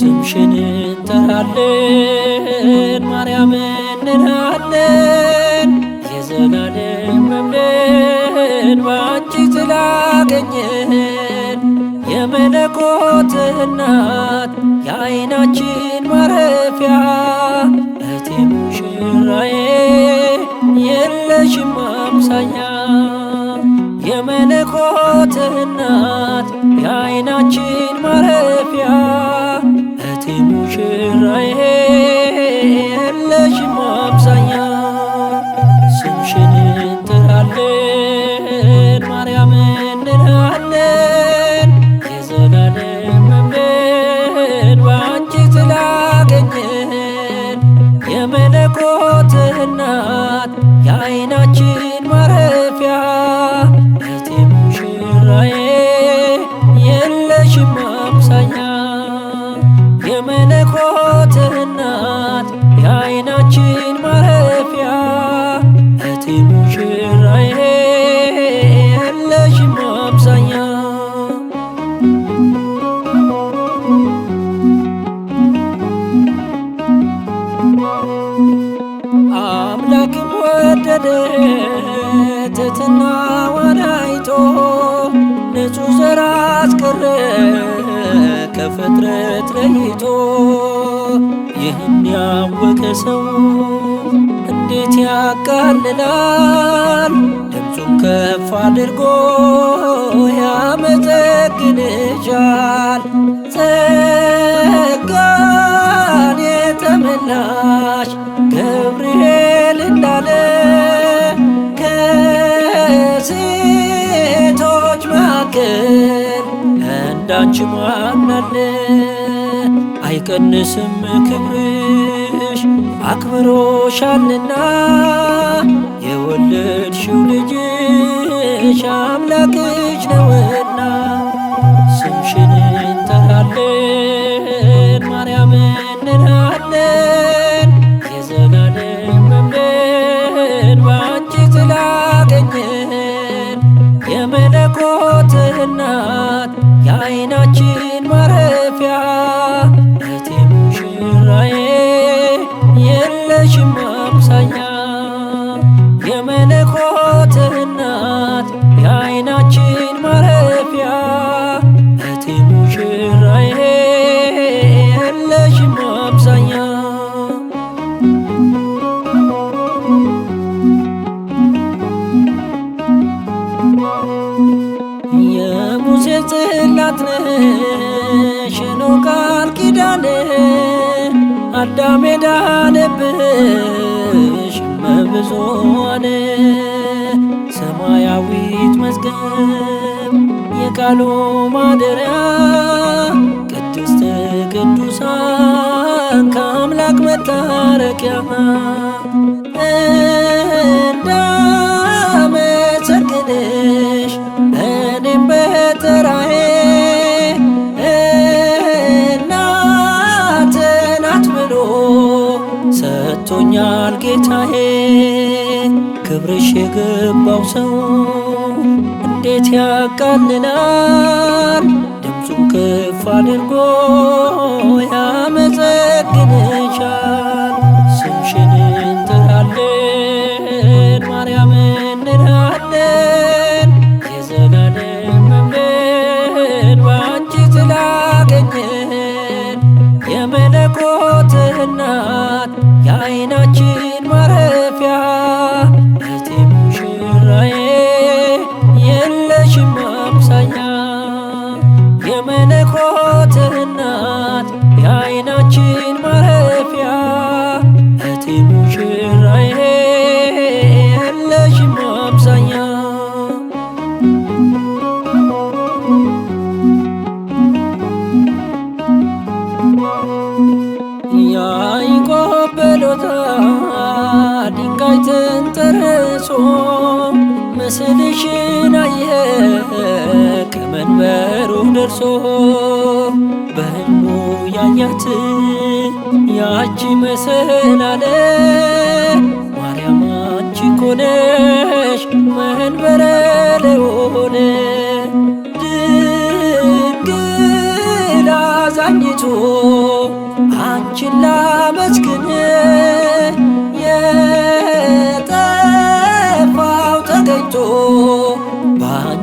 ስምሽን እንጠራለን ማርያም እንላለን የዘላለም መምለን ባንቺ የመለኮት እናት የዓይናችን ማረፊያ እቴ ሙሽራዬ የለሽም አምሳያ ጌታዬ የለሽም አብዛኛ ስምሽን እንጠራለን ማርያም እንላለን የዘላለም መንገድ በአንቺ ስላገኘን የመለኮት እናት በትትና ዋናይቶ ንጹሕ ዘር አስቀረ ከፍጥረት ለይቶ ይህን ያወቀ ሰው እንዴት ያቃልላል ድምፁን ከፍ አድርጎ ያመጠግንሻል ጸጋን የተመላ እንዳንቺ ማናለ አይቀንስም ክብርሽ አክብሮሻልና የወለድሽው ልጅሽ አምላክሽ ነውና ስምሽን እንጠራለን። አዳም የዳነብሽ መብዙ ሰማያዊት መዝገብ የቃሉ ማደሪያ ቅድስተ ቅዱሳን ከአምላክ መታረቂያ ክብርሽ የገባው ሰው እንዴት ያቃልላል ድምፁን ከፍ አድርጎ ቦታ ድንጋይ ተንተርሶ ምስልሽን አየ ከመንበሩ ደርሶ በህልሙ ያያት ያቺ መሰላለ ማርያም አንቺ እኮ መንበረ ልዑል ድንግል አዛኝቱ አንቺን ላመስግን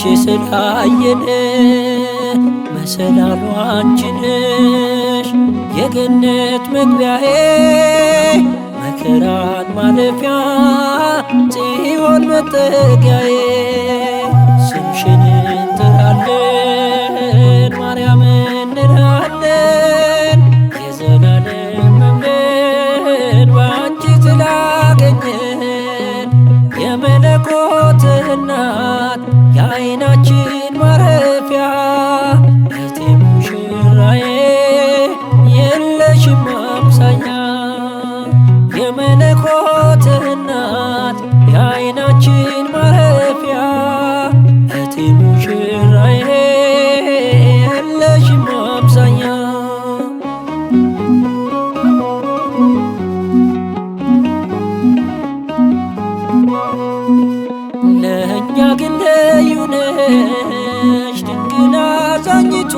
አንቺ ስላየን መሰላሉ አንቺ ነሽ የገነት መግቢያዬ መከራን ማለፊያ ጽዮን መጠጊያዬ ስምሽን እንጠራለን ማርያም እንላለን የዘላለም መምለን በአንቺ ስላገኘን የመለኮት እናት again. ነሽ ድንግል አዛኝቱ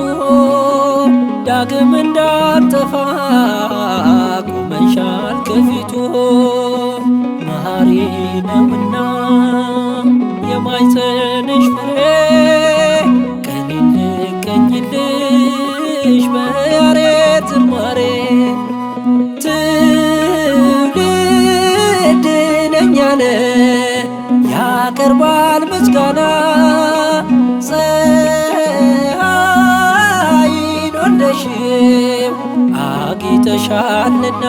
ዳግም እንዳጠፋ ቆመሻል ከፊቱ መሐሪ ነውና የማይጸንሽ ፍሬ ቀኝል ቀኝል አጊጠሻልና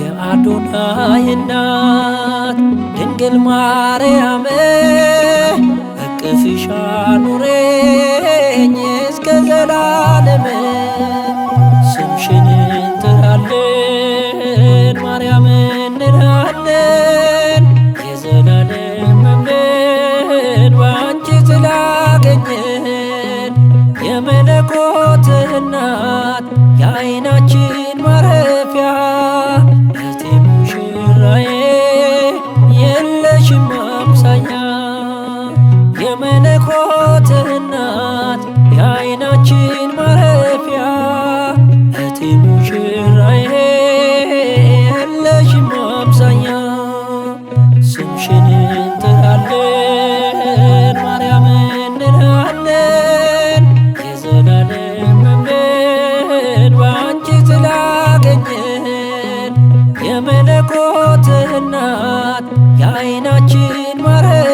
የአዶናይ እናት ድንግል ማርያም እቅፍሻ ኑሬኝ እስከ ዘላለም ስምሽን እንጠራለን አምላካችን ማረ